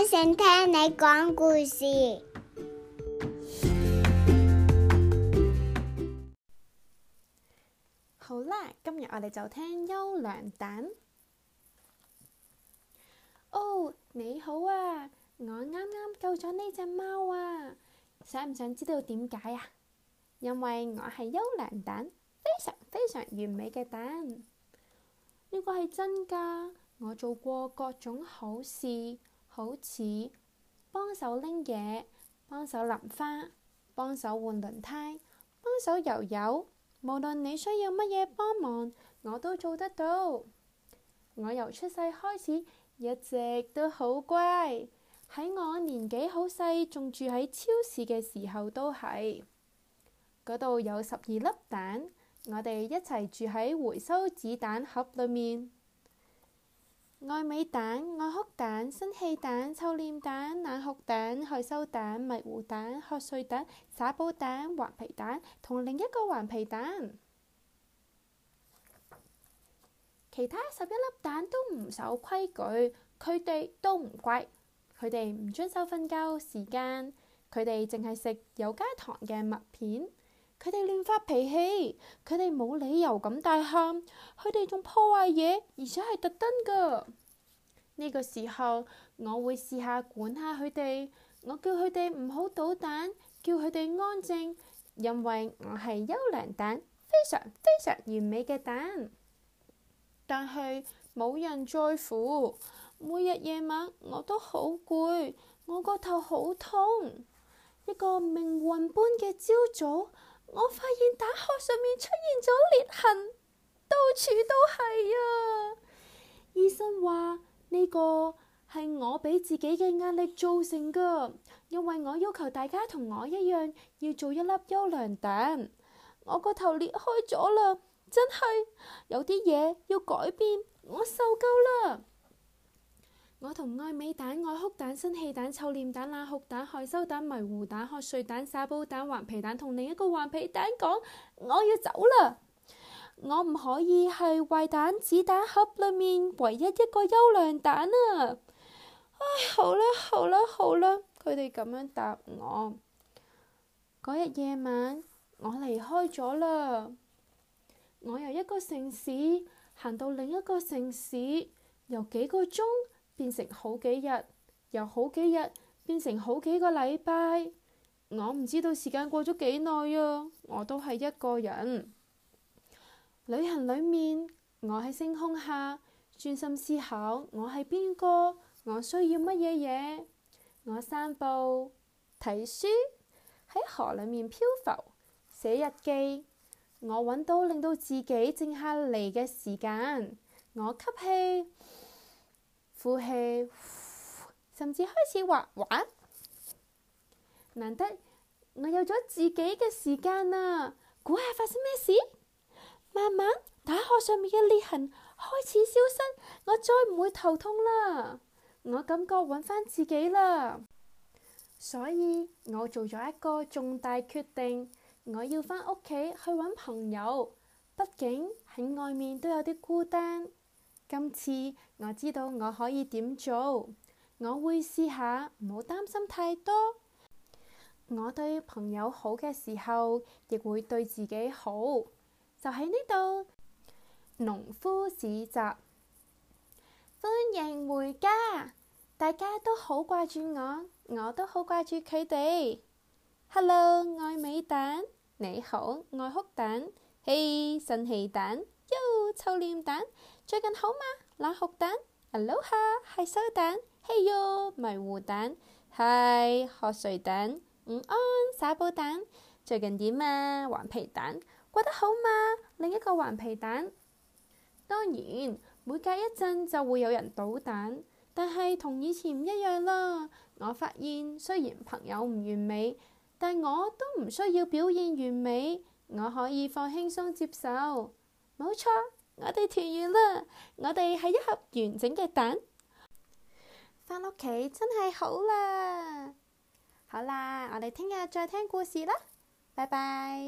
我想聽你講故事。好啦，今日我哋就聽優良蛋。哦，你好啊，我啱啱救咗呢隻貓啊，想唔想知道點解啊？因為我係優良蛋，非常非常完美嘅蛋。呢個係真㗎，我做過各種好事。好似幫手拎嘢，幫手淋花，幫手換輪胎，幫手揉揉。無論你需要乜嘢幫忙，我都做得到。我由出世開始一直都好乖，喺我年紀好細，仲住喺超市嘅時候都係。嗰度有十二粒蛋，我哋一齊住喺回收紙蛋盒裏面。愛美蛋、愛哭蛋、生氣蛋、臭臉蛋、冷酷蛋、害羞蛋、迷糊蛋、瞌睡蛋、耍寶蛋、頑皮蛋同另一個頑皮蛋，其他十一粒蛋都唔守規矩，佢哋都唔乖，佢哋唔遵守瞓覺時間，佢哋淨係食有加糖嘅麥片。佢哋亂發脾氣，佢哋冇理由咁大喊，佢哋仲破壞嘢，而且係特登噶。呢個時候我會試下管下佢哋，我叫佢哋唔好搗蛋，叫佢哋安靜，因為我係優良蛋，非常非常完美嘅蛋。但係冇人在乎，每日夜晚我都好攰，我個頭好痛，一個命運般嘅朝早。我發現蛋殼上面出現咗裂痕，到處都係啊！醫生話呢個係我俾自己嘅壓力造成噶，因為我要求大家同我一樣要做一粒優良蛋，我個頭裂開咗啦！真係有啲嘢要改變，我受夠啦。我同愛美蛋、愛哭蛋、生氣蛋、臭臉蛋、冷酷蛋、害羞蛋、迷糊蛋、瞌睡蛋、耍寶蛋、頑皮蛋同另一個頑皮蛋講：我要走啦，我唔可以係壞蛋子蛋盒裏面唯一一個優良蛋啊！唉，好啦，好啦，好啦，佢哋咁樣答我。嗰日夜晚，我離開咗啦。我由一個城市行到另一個城市，由幾個鐘。變成好幾日，由好幾日變成好幾個禮拜，我唔知道時間過咗幾耐啊！我都係一個人。旅行裏面，我喺星空下專心思考，我係邊個？我需要乜嘢嘢？我散步、睇書，喺河裏面漂浮、寫日記。我揾到令到自己靜下嚟嘅時間，我吸氣，呼氣，甚至開始畫畫。難得我有咗自己嘅時間啦，估下發生咩事？慢慢，打殼上面嘅裂痕開始消失，我再唔會頭痛啦。我感覺揾翻自己啦，所以我做咗一個重大決定，我要翻屋企去揾朋友。畢竟喺外面都有啲孤單。今次我知道我可以點做，我會試下，唔好擔心太多。我對朋友好嘅時候，亦會對自己好。就喺呢度，農夫市集歡迎回家，大家都好掛住我，我都好掛住佢哋。Hello，愛美蛋，你好，愛哭蛋，嘿、hey，神氣蛋，喲，臭臉蛋。最近好嗎？冷酷蛋 Hello，哈害羞蛋，嘿喲、hey、迷糊蛋，嗨，瞌睡蛋，午、嗯、安耍寶蛋，最近點啊，頑皮蛋過得好嗎？另一個頑皮蛋。當然，每隔一陣就會有人搗蛋，但係同以前唔一樣啦。我發現雖然朋友唔完美，但我都唔需要表現完美，我可以放輕鬆接受，冇錯。我哋團圓啦！我哋係一盒完整嘅蛋，返屋企真係好啦。好啦，我哋聽日再聽故事啦，拜拜。